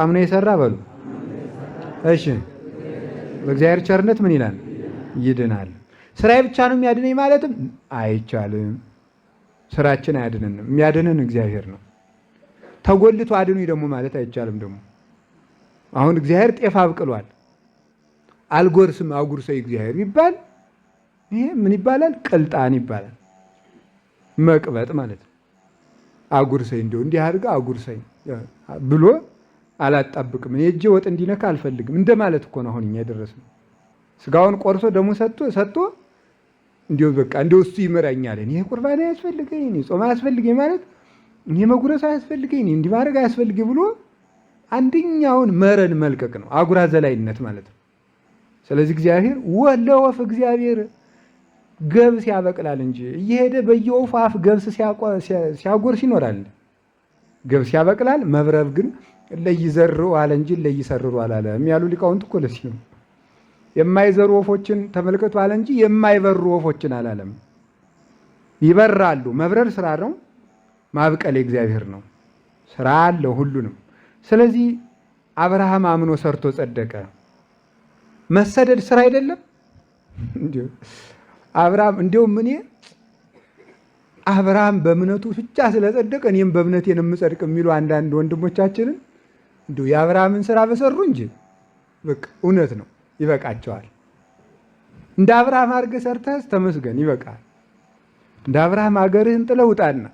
አምኖ የሰራ በሉ። እሺ በእግዚአብሔር ቸርነት ምን ይላል? ይድናል። ስራዬ ብቻ ነው የሚያድነኝ ማለትም አይቻልም። ስራችን አያድንንም፣ የሚያድንን እግዚአብሔር ነው። ተጎልቶ አድኑኝ ደግሞ ማለት አይቻልም። ደግሞ አሁን እግዚአብሔር ጤፍ አብቅሏል፣ አልጎርስም አጉርሰኝ እግዚአብሔር ይባል ይሄ ምን ይባላል? ቅልጣን ይባላል። መቅበጥ ማለት ነው። አጉርሰኝ እንዲሁ እንዲህ አድርገህ አጉርሰኝ ብሎ አላጣብቅም። እኔ እጄ ወጥ እንዲነካ አልፈልግም እንደማለት እኮ ነው አሁን እኛ የደረስነው። ስጋውን ቆርሶ ደሞ ሰጥቶ ሰጥቶ እንዲሁ በቃ እንደው እሱ ይመራኛል። እኔ ቁርባን አያስፈልገኝ፣ እኔ ጾም አያስፈልገኝ ማለት እኔ መጉረስ አያስፈልገኝ፣ እኔ እንዲህ ማድረግ አያስፈልገኝ ብሎ አንደኛውን መረን መልቀቅ ነው፣ አጉራ ዘላይነት ማለት ነው። ስለዚህ እግዚአብሔር ወለወፍ እግዚአብሔር ገብስ ያበቅላል እንጂ እየሄደ በየወፉ አፍ ገብስ ሲያጎርስ ይኖራል። ገብስ ያበቅላል መብረብ ግን ለይዘሩ አለ እንጂ ለይሰርሩ አላለም ያሉ ሊቃውንት እኮ ለዚህ ነው። የማይዘሩ ወፎችን ተመልከቱ አለ እንጂ የማይበሩ ወፎችን አላለም። ይበራሉ። መብረር ስራ ነው። ማብቀል የእግዚአብሔር ነው። ስራ አለው ሁሉንም። ስለዚህ አብርሃም አምኖ ሰርቶ ጸደቀ። መሰደድ ስራ አይደለም። አብርሃም እንዲሁም እኔ አብርሃም በእምነቱ ብቻ ስለጸደቀ እኔም በእምነቴ ነው የምጸድቅ የሚሉ አንዳንድ ወንድሞቻችንን እንዲሁ የአብርሃምን ስራ በሰሩ እንጂ እውነት ነው፣ ይበቃቸዋል። እንደ አብርሃም አድርገህ ሰርተህ ተመስገን፣ ይበቃል። እንደ አብርሃም አገርህን ጥለህ ውጣና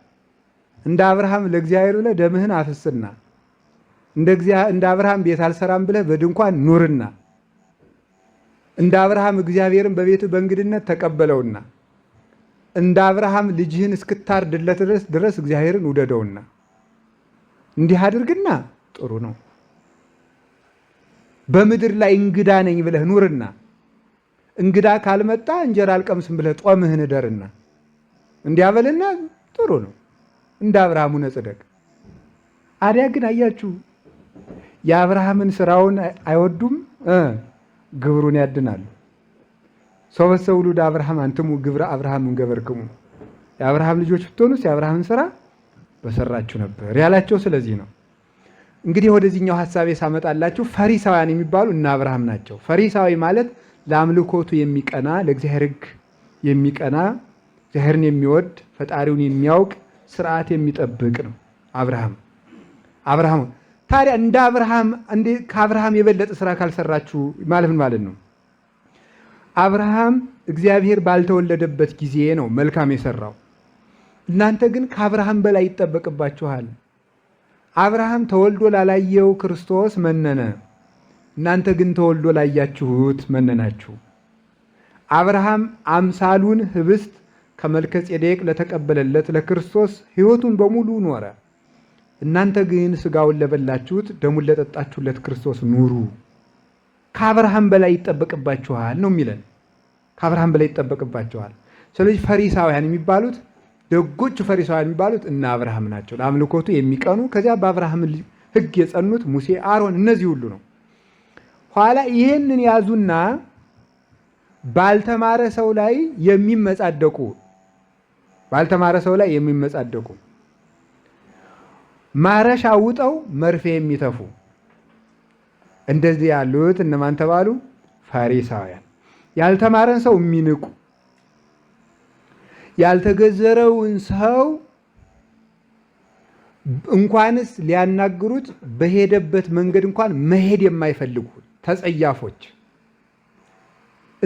እንደ አብርሃም ለእግዚአብሔር ብለህ ደምህን አፍስና እንደ አብርሃም ቤት አልሰራም ብለህ በድንኳን ኑርና እንደ አብርሃም እግዚአብሔርን በቤቱ በእንግድነት ተቀበለውና እንደ አብርሃም ልጅህን እስክታርድለት ድረስ ድረስ እግዚአብሔርን ውደደውና እንዲህ አድርግና ጥሩ ነው። በምድር ላይ እንግዳ ነኝ ብለህ ኑርና እንግዳ ካልመጣ እንጀራ አልቀምስም ብለህ ጦምህን እደርና እንዲያበልና ጥሩ ነው። እንደ አብርሃሙ ነጽደቅ አዲያ ግን አያችሁ የአብርሃምን ስራውን አይወዱም፣ ግብሩን ያድናሉ። ሰው በሰው ውሉድ አብርሃም አንትሙ ግብረ አብርሃም እንገበርክሙ የአብርሃም ልጆች ብትሆኑስ የአብርሃምን ስራ በሰራችሁ ነበር ያላቸው ስለዚህ ነው። እንግዲህ ወደዚህኛው ሀሳቤ ሳመጣላችሁ ፈሪሳውያን የሚባሉ እነ አብርሃም ናቸው። ፈሪሳዊ ማለት ለአምልኮቱ የሚቀና ለእግዚአብሔር ሕግ የሚቀና እግዚአብሔርን የሚወድ ፈጣሪውን የሚያውቅ ስርዓት የሚጠብቅ ነው። አብርሃም አብርሃም ታዲያ እንደ አብርሃም ከአብርሃም የበለጠ ስራ ካልሰራችሁ ማለት ምን ማለት ነው? አብርሃም እግዚአብሔር ባልተወለደበት ጊዜ ነው መልካም የሰራው። እናንተ ግን ከአብርሃም በላይ ይጠበቅባችኋል። አብርሃም ተወልዶ ላላየው ክርስቶስ መነነ፣ እናንተ ግን ተወልዶ ላያችሁት መነናችሁ። አብርሃም አምሳሉን ህብስት ከመልከ ጼዴቅ ለተቀበለለት ለክርስቶስ ሕይወቱን በሙሉ ኖረ። እናንተ ግን ሥጋውን ለበላችሁት ደሙን ለጠጣችሁለት ክርስቶስ ኑሩ። ከአብርሃም በላይ ይጠበቅባችኋል ነው የሚለን። ከአብርሃም በላይ ይጠበቅባችኋል። ስለዚህ ፈሪሳውያን የሚባሉት ደጎቹ ፈሪሳውያን የሚባሉት እነ አብርሃም ናቸው። ለአምልኮቱ የሚቀኑ ከዚያ በአብርሃም ሕግ የጸኑት ሙሴ፣ አሮን እነዚህ ሁሉ ነው። ኋላ ይህንን ያዙና ባልተማረ ሰው ላይ የሚመጻደቁ ባልተማረ ሰው ላይ የሚመጻደቁ ማረሻ አውጠው መርፌ የሚተፉ እንደዚህ ያሉት እነማን ተባሉ? ፈሪሳውያን። ያልተማረን ሰው የሚንቁ ያልተገዘረውን ሰው እንኳንስ ሊያናግሩት በሄደበት መንገድ እንኳን መሄድ የማይፈልጉ ተጸያፎች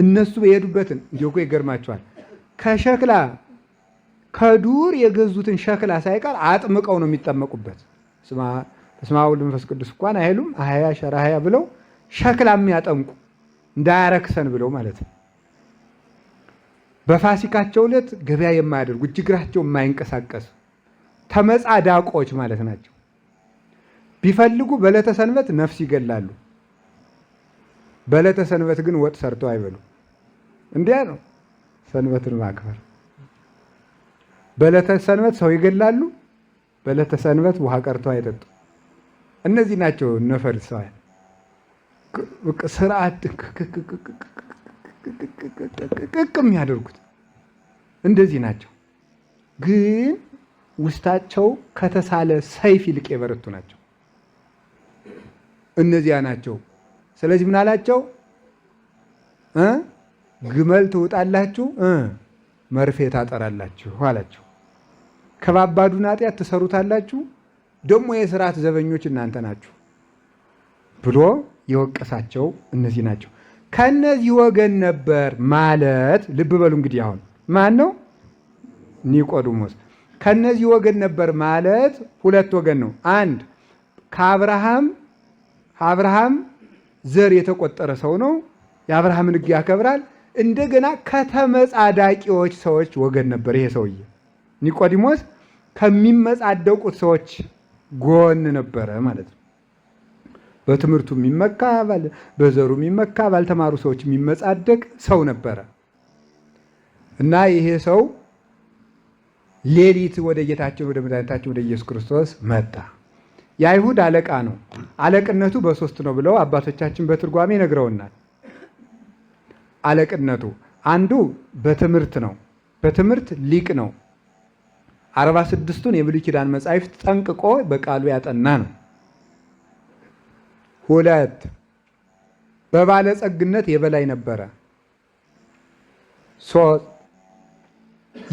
እነሱ የሄዱበትን እንዲሁ ይገርማቸዋል። ከሸክላ ከዱር የገዙትን ሸክላ ሳይቀር አጥምቀው ነው የሚጠመቁበት። በስመ አብ ወወልድ ወመንፈስ ቅዱስ እንኳን አይሉም አህያ ሸራ ብለው ሸክላ የሚያጠምቁ እንዳያረክሰን ብለው ማለት ነው። በፋሲካቸው ዕለት ገበያ የማያደርጉ እጅ የማይንቀሳቀስ ተመጻዳቆች ማለት ናቸው። ቢፈልጉ በዕለተ ሰንበት ነፍስ ይገላሉ። በዕለተ ሰንበት ግን ወጥ ሰርተው አይበሉ። እንዲያ ነው ሰንበትን ማክበር። በዕለተ ሰንበት ሰው ይገላሉ። በዕለተ ሰንበት ውሃ ቀርተው አይጠጡ። እነዚህ ናቸው ነፈሪሳውያን ስርዓት ቅቅ የሚያደርጉት እንደዚህ ናቸው። ግን ውስጣቸው ከተሳለ ሰይፍ ይልቅ የበረቱ ናቸው። እነዚያ ናቸው። ስለዚህ ምን አላቸው? ግመል ትውጣላችሁ፣ መርፌ ታጠራላችሁ አላቸው። ከባባዱን ኃጢአት ትሰሩታላችሁ፣ ደግሞ የስርዓት ዘበኞች እናንተ ናችሁ ብሎ የወቀሳቸው እነዚህ ናቸው። ከነዚህ ወገን ነበር ማለት ልብ በሉ እንግዲህ አሁን ማን ነው? ኒቆዲሞስ። ከነዚህ ወገን ነበር ማለት ሁለት ወገን ነው። አንድ ከአብርሃም አብርሃም ዘር የተቆጠረ ሰው ነው። የአብርሃምን ሕግ ያከብራል። እንደገና ከተመጻዳቂዎች ሰዎች ወገን ነበር። ይሄ ሰውዬ ኒቆዲሞስ ከሚመጻደቁት ሰዎች ጎን ነበረ ማለት ነው። በትምህርቱ የሚመካ በዘሩ የሚመካ ባልተማሩ ሰዎች የሚመጻደቅ ሰው ነበረ እና ይሄ ሰው ሌሊት ወደ ጌታችን ወደ መድኃኒታችን ወደ ኢየሱስ ክርስቶስ መጣ። የአይሁድ አለቃ ነው። አለቅነቱ በሶስት ነው ብለው አባቶቻችን በትርጓሜ ነግረውናል። አለቅነቱ አንዱ በትምህርት ነው። በትምህርት ሊቅ ነው። አርባ ስድስቱን የብሉይ ኪዳን መጻሕፍት ጠንቅቆ በቃሉ ያጠና ነው። ሁለት በባለጸግነት የበላይ ነበረ። ሶስት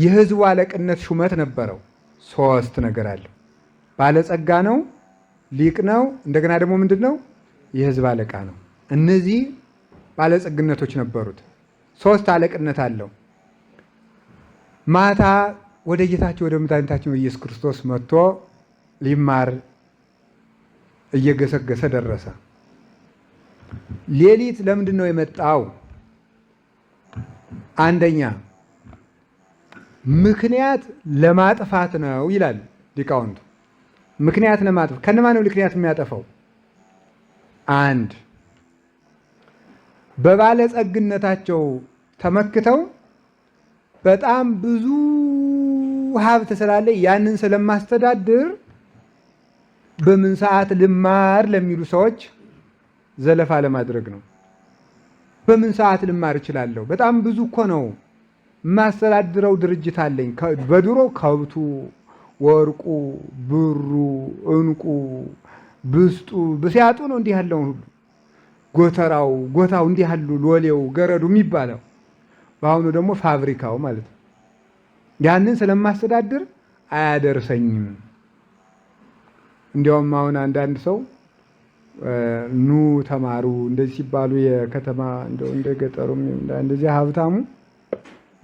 የህዝቡ አለቅነት ሹመት ነበረው። ሶስት ነገር አለ። ባለጸጋ ነው፣ ሊቅ ነው፣ እንደገና ደግሞ ምንድን ነው? የህዝብ አለቃ ነው። እነዚህ ባለጸግነቶች ነበሩት። ሶስት አለቅነት አለው። ማታ ወደ ጌታችን ወደ መድኃኒታችን ኢየሱስ ክርስቶስ መጥቶ ሊማር እየገሰገሰ ደረሰ። ሌሊት ለምንድን ነው የመጣው? አንደኛ ምክንያት ለማጥፋት ነው ይላል ሊቃውንቱ። ምክንያት ለማጥፋት ከነማ ነው ምክንያት የሚያጠፋው? አንድ በባለጸግነታቸው ተመክተው በጣም ብዙ ሀብት ስላለ ያንን ስለማስተዳድር በምን ሰዓት ልማር ለሚሉ ሰዎች ዘለፋ ለማድረግ ነው። በምን ሰዓት ልማር እችላለሁ? በጣም ብዙ እኮ ነው የማስተዳድረው ድርጅት አለኝ። በድሮ ከብቱ፣ ወርቁ፣ ብሩ፣ እንቁ፣ ብስጡ ብስያጡ ነው እንዲህ ያለው ሁሉ ጎተራው ጎታው እንዲህ ያሉ ሎሌው ገረዱ የሚባለው በአሁኑ ደግሞ ፋብሪካው ማለት ነው። ያንን ስለማስተዳድር አያደርሰኝም። እንዲያውም አሁን አንዳንድ ሰው ኑ ተማሩ እንደዚህ ሲባሉ የከተማ እንደው እንደ ገጠሩም እንደዚህ ሀብታሙ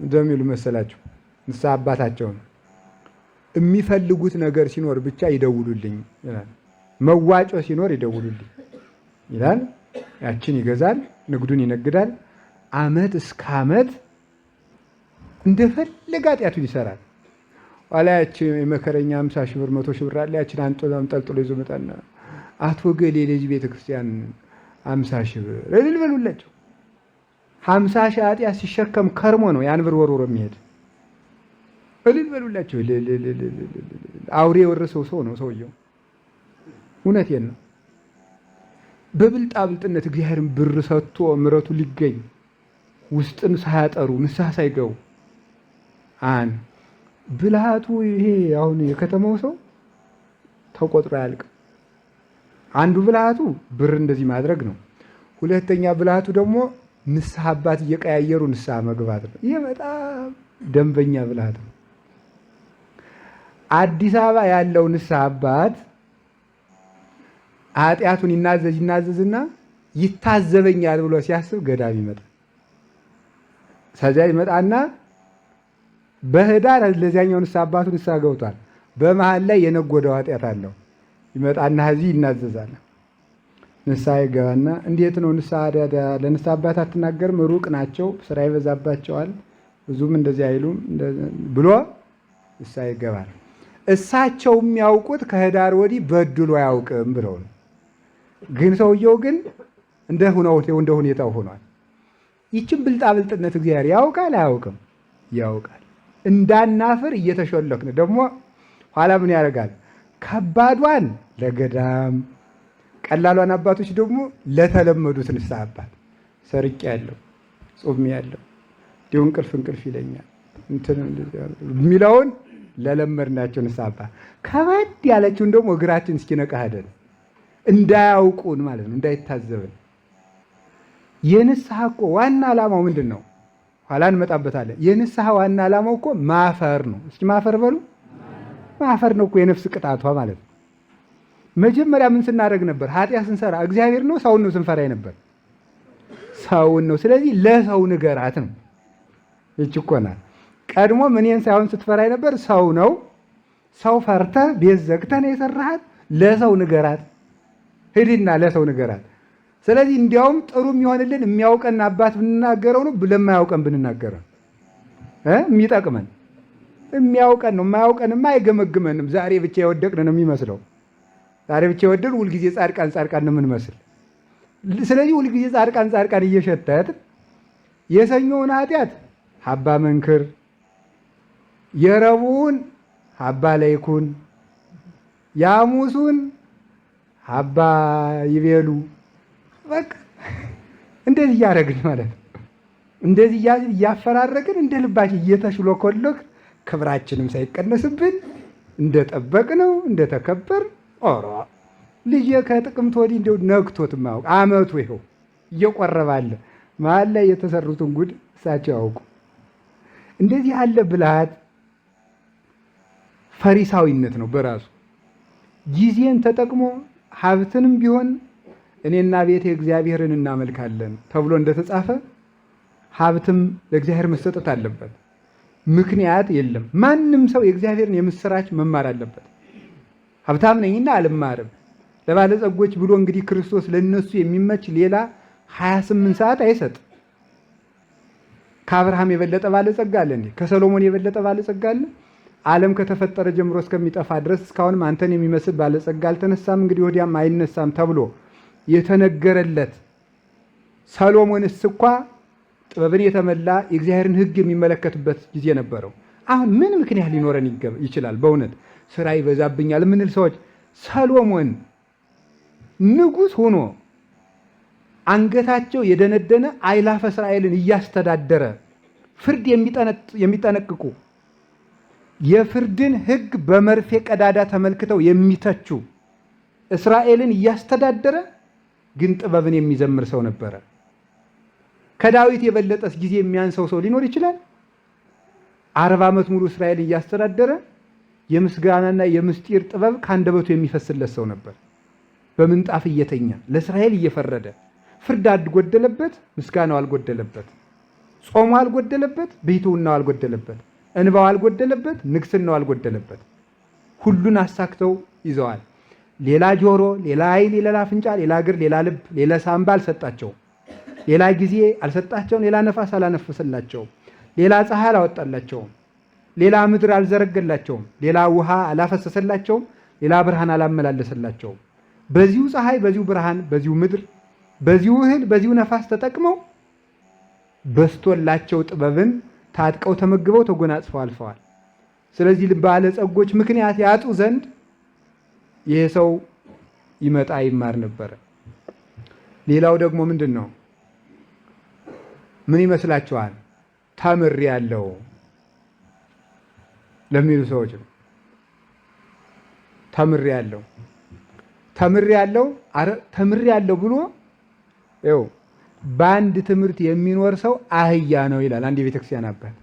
እንደሚሉ መሰላቸው ንስሐ አባታቸውን የሚፈልጉት ነገር ሲኖር ብቻ ይደውሉልኝ ይላል። መዋጮ ሲኖር ይደውሉልኝ ይላል። ያችን ይገዛል፣ ንግዱን ይነግዳል። አመት እስከ አመት እንደፈለገ ኃጢአቱን ይሰራል። ኋላ ያችን የመከረኛ ሃምሳ ሺህ ብር መቶ ሺህ ብር አለ ያችን አንጠልጥሎ ይዞ መጣና አቶ ገሌ ለዚህ ቤተክርስቲያን አምሳ ሺህ ብር እልል በሉላቸው። ሀምሳ ሺህ አጢያ ሲሸከም ከርሞ ነው ያን ብር የሚሄድ እልል በሉላቸው። አውሬ የወረሰው ሰው ነው ሰውየው። እውነቴን ነው። በብልጣ ብልጥነት እግዚአብሔርን ብር ሰጥቶ ምረቱ ሊገኝ ውስጥን ሳያጠሩ ንስሐ ሳይገቡ አን ብልሃቱ ይሄ አሁን የከተማው ሰው ተቆጥሮ አያልቅም። አንዱ ብልሃቱ ብር እንደዚህ ማድረግ ነው። ሁለተኛ ብልሃቱ ደግሞ ንስሐ አባት እየቀያየሩ ንስሐ መግባት ነው። ይሄ በጣም ደንበኛ ብልሃት ነው። አዲስ አበባ ያለው ንስሐ አባት ኃጢአቱን ይናዘዝ ይናዘዝና ይታዘበኛል ብሎ ሲያስብ ገዳም ይመጣል። ሰዚያ ይመጣና በህዳር ለዚያኛው ንስሐ አባቱ ንስሐ ገብቷል። በመሀል ላይ የነጎደው ኃጢአት አለው ይመጣና እዚህ ይናዘዛል። ንስሐ ይገባና እንዴት ነው ንስሐ ለንስሐ አባት አትናገርም? ሩቅ ናቸው፣ ስራ ይበዛባቸዋል፣ ብዙም እንደዚህ አይሉም ብሎ ንስሐ ይገባል። እሳቸው የሚያውቁት ከህዳር ወዲህ በድሎ አያውቅም ብለው ነው። ግን ሰውየው ግን እንደ እንደ ሁኔታው ሆኗል። ይችን ብልጣብልጥነት እግዚአብሔር ያውቃል አያውቅም? ያውቃል። እንዳናፍር እየተሾለክን ደግሞ ኋላ ምን ያደርጋል? ከባዷን ለገዳም ቀላሏን አባቶች ደግሞ ለተለመዱት ንስሐ አባት ሰርቄ ያለው ጾም ያለው እንዲሁ እንቅልፍ እንቅልፍ ይለኛል የሚለውን ለለመድናቸው ንስሐ አባት ከበድ ያለችውን ደግሞ እግራችን እስኪነቃህደን እንዳያውቁን ማለት ነው፣ እንዳይታዘብን። የንስሐ እኮ ዋና ዓላማው ምንድን ነው? ኋላ እንመጣበታለን። የንስሐ ዋና ዓላማው እኮ ማፈር ነው። እስኪ ማፈር በሉ ማፈር ነው እኮ የነፍስ ቅጣቷ ማለት ነው። መጀመሪያ ምን ስናደርግ ነበር? ሀጢያ ስንሰራ እግዚአብሔር ነው ሰውን ነው ስንፈራ ነበር? ሰውን ነው። ስለዚህ ለሰው ንገራት ነው። ይች እኮ ናት። ቀድሞ ምንን ሳይሆን ስትፈራ ነበር ሰው ነው። ሰው ፈርተ ቤት ዘግተ ነው የሰራሃት። ለሰው ንገራት፣ ሂድና ለሰው ንገራት። ስለዚህ እንዲያውም ጥሩ የሚሆንልን የሚያውቀን አባት ብንናገረው ነው ለማያውቀን ብንናገረው የሚጠቅመን የሚያውቀን ነው። የማያውቀንማ አይገመግመንም። ዛሬ ብቻ የወደቅን ነው የሚመስለው። ዛሬ ብቻ የወደቅን ሁልጊዜ ጻድቃን ጻድቃን ነው የምንመስል። ስለዚህ ሁልጊዜ ጻድቃን ጻድቃን እየሸተት የሰኞውን ኃጢአት ሀባ መንክር፣ የረቡን ሀባ ለይኩን፣ የሐሙሱን ሀባ ይቤሉ። በቃ እንደዚህ እያደረግን ማለት ነው። እንደዚህ እያፈራረግን እንደ ልባችን እየተሽሎኮሎክ ክብራችንም ሳይቀነስብን እንደጠበቅ ነው እንደተከበር ኦሮ ልጄ ከጥቅምት ወዲህ እንደው ነግቶት ማወቅ አመቱ ይኸው እየቆረባለ መሀል ላይ የተሰሩትን ጉድ እሳቸው ያውቁ። እንደዚህ ያለ ብልሃት ፈሪሳዊነት ነው በራሱ ጊዜን ተጠቅሞ ሀብትንም ቢሆን እኔና ቤቴ እግዚአብሔርን እናመልካለን ተብሎ እንደተጻፈ ሀብትም ለእግዚአብሔር መሰጠት አለበት። ምክንያት የለም። ማንም ሰው የእግዚአብሔርን የምስራች መማር አለበት። ሀብታም ነኝና አልማርም ለባለጸጎች ብሎ እንግዲህ ክርስቶስ ለእነሱ የሚመች ሌላ 28 ሰዓት አይሰጥ። ከአብርሃም የበለጠ ባለጸጋ አለ እንዴ? ከሰሎሞን የበለጠ ባለጸጋ አለ? ዓለም ከተፈጠረ ጀምሮ እስከሚጠፋ ድረስ እስካሁንም አንተን የሚመስል ባለጸጋ አልተነሳም፣ እንግዲህ ወዲያም አይነሳም ተብሎ የተነገረለት ሰሎሞንስ እንኳ ጥበብን የተመላ የእግዚአብሔርን ሕግ የሚመለከትበት ጊዜ ነበረው። አሁን ምን ምክንያት ሊኖረን ይችላል? በእውነት ስራ ይበዛብኛል የምንል ሰዎች ሰሎሞን ንጉሥ ሆኖ አንገታቸው የደነደነ አይላፈ እስራኤልን እያስተዳደረ ፍርድ የሚጠነቅቁ የፍርድን ሕግ በመርፌ ቀዳዳ ተመልክተው የሚተቹ እስራኤልን እያስተዳደረ ግን ጥበብን የሚዘምር ሰው ነበረ። ከዳዊት የበለጠስ ጊዜ የሚያንሰው ሰው ሊኖር ይችላል? አርባ ዓመት ሙሉ እስራኤልን እያስተዳደረ የምስጋናና የምስጢር ጥበብ ከአንደበቱ የሚፈስለት ሰው ነበር። በምንጣፍ እየተኛ ለእስራኤል እየፈረደ ፍርድ አልጎደለበት፣ ምስጋናው አልጎደለበት፣ ጾሙ አልጎደለበት፣ ብሕትውናው አልጎደለበት፣ እንባው አልጎደለበት፣ ንግስናው አልጎደለበት። ሁሉን አሳክተው ይዘዋል። ሌላ ጆሮ፣ ሌላ አይን፣ ሌላ አፍንጫ፣ ሌላ እግር፣ ሌላ ልብ፣ ሌላ ሳምባ አልሰጣቸውም። ሌላ ጊዜ አልሰጣቸውም። ሌላ ነፋስ አላነፈሰላቸውም። ሌላ ፀሐይ አላወጣላቸውም። ሌላ ምድር አልዘረገላቸውም። ሌላ ውሃ አላፈሰሰላቸውም። ሌላ ብርሃን አላመላለሰላቸውም። በዚሁ ፀሐይ፣ በዚሁ ብርሃን፣ በዚሁ ምድር፣ በዚሁ እህል፣ በዚሁ ነፋስ ተጠቅመው በስቶላቸው ጥበብን ታጥቀው ተመግበው ተጎናጽፈው አልፈዋል። ስለዚህ ባለጸጎች ምክንያት ያጡ ዘንድ ይሄ ሰው ይመጣ ይማር ነበረ። ሌላው ደግሞ ምንድን ነው? ምን ይመስላችኋል? ተምር ያለው ለሚሉ ሰዎች ነው። ተምር ያለው ተምር ያለው ተምር ያለው ብሎ ው በአንድ ትምህርት የሚኖር ሰው አህያ ነው ይላል አንድ የቤተክርስቲያን አባት።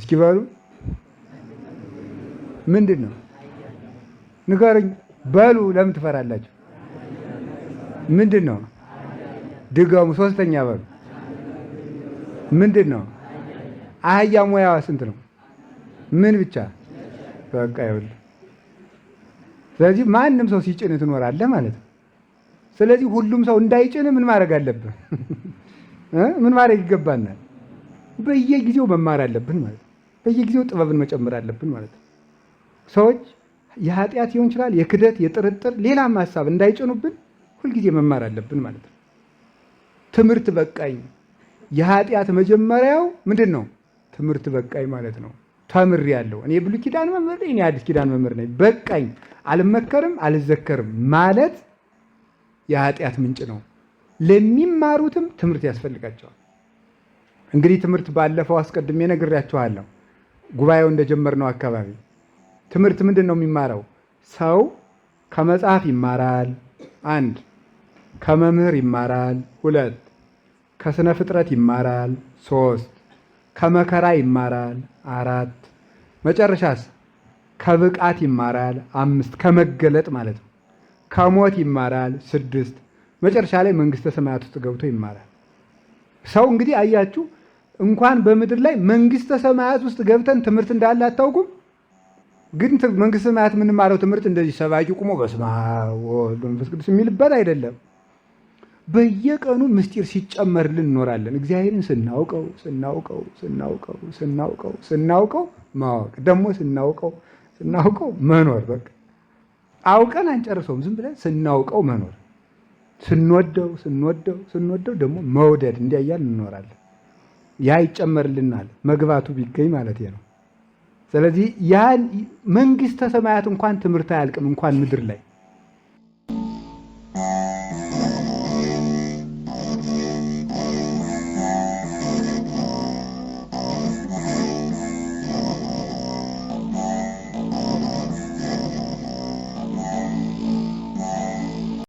እስኪ በሉ ምንድን ነው ንገሩኝ። በሉ ለምን ትፈራላችሁ? ምንድን ነው ድገሙ። ሶስተኛ በሉ ምንድን ነው አህያ ሙያዋ ስንት ነው? ምን ብቻ በቃ ይሁን። ስለዚህ ማንም ሰው ሲጭን ትኖራለህ ማለት ነው። ስለዚህ ሁሉም ሰው እንዳይጭን ምን ማድረግ አለብን? ምን ማድረግ ይገባናል? በየጊዜው መማር አለብን ማለት ነው። በየጊዜው ጥበብን መጨመር አለብን ማለት ነው። ሰዎች የኃጢአት ይሆን ይችላል፣ የክደት፣ የጥርጥር፣ ሌላም ሀሳብ እንዳይጭኑብን ሁልጊዜ መማር አለብን ማለት ነው። ትምህርት በቃኝ የኃጢአት መጀመሪያው ምንድን ነው? ትምህርት በቃኝ ማለት ነው። ተምር ያለው እኔ ብሉይ ኪዳን መምህር ነኝ፣ እኔ አዲስ ኪዳን መምህር ነኝ፣ በቃኝ፣ አልመከርም፣ አልዘከርም ማለት የኃጢአት ምንጭ ነው። ለሚማሩትም ትምህርት ያስፈልጋቸዋል። እንግዲህ ትምህርት ባለፈው አስቀድሜ ነግሬያችኋለሁ። ጉባኤው እንደጀመርነው አካባቢ ትምህርት ምንድን ነው የሚማረው? ሰው ከመጽሐፍ ይማራል፣ አንድ ከመምህር ይማራል፣ ሁለት ከስነ ፍጥረት ይማራል። ሶስት ከመከራ ይማራል። አራት መጨረሻስ ከብቃት ይማራል። አምስት ከመገለጥ ማለት ነው። ከሞት ይማራል። ስድስት መጨረሻ ላይ መንግስተ ሰማያት ውስጥ ገብቶ ይማራል። ሰው እንግዲህ አያችሁ እንኳን በምድር ላይ መንግስተ ሰማያት ውስጥ ገብተን ትምህርት እንዳለ አታውቁም። ግን መንግስተ ሰማያት የምንማረው ትምህርት እንደዚህ ሰባኪ ቁሞ በስመ አብ ወወልድ ወመንፈስ ቅዱስ የሚልበት አይደለም። በየቀኑ ምስጢር ሲጨመርልን እንኖራለን። እግዚአብሔርን ስናውቀው ስናውቀው ስናውቀው ስናውቀው ስናውቀው ማወቅ ደግሞ ስናውቀው ስናውቀው መኖር በቃ አውቀን አንጨርሰውም። ዝም ብለን ስናውቀው መኖር ስንወደው ስንወደው ስንወደው ደግሞ መውደድ እንዲያያል እንኖራለን። ያ ይጨመርልናል መግባቱ ቢገኝ ማለት ነው። ስለዚህ ያን መንግስተ ሰማያት እንኳን ትምህርት አያልቅም እንኳን ምድር ላይ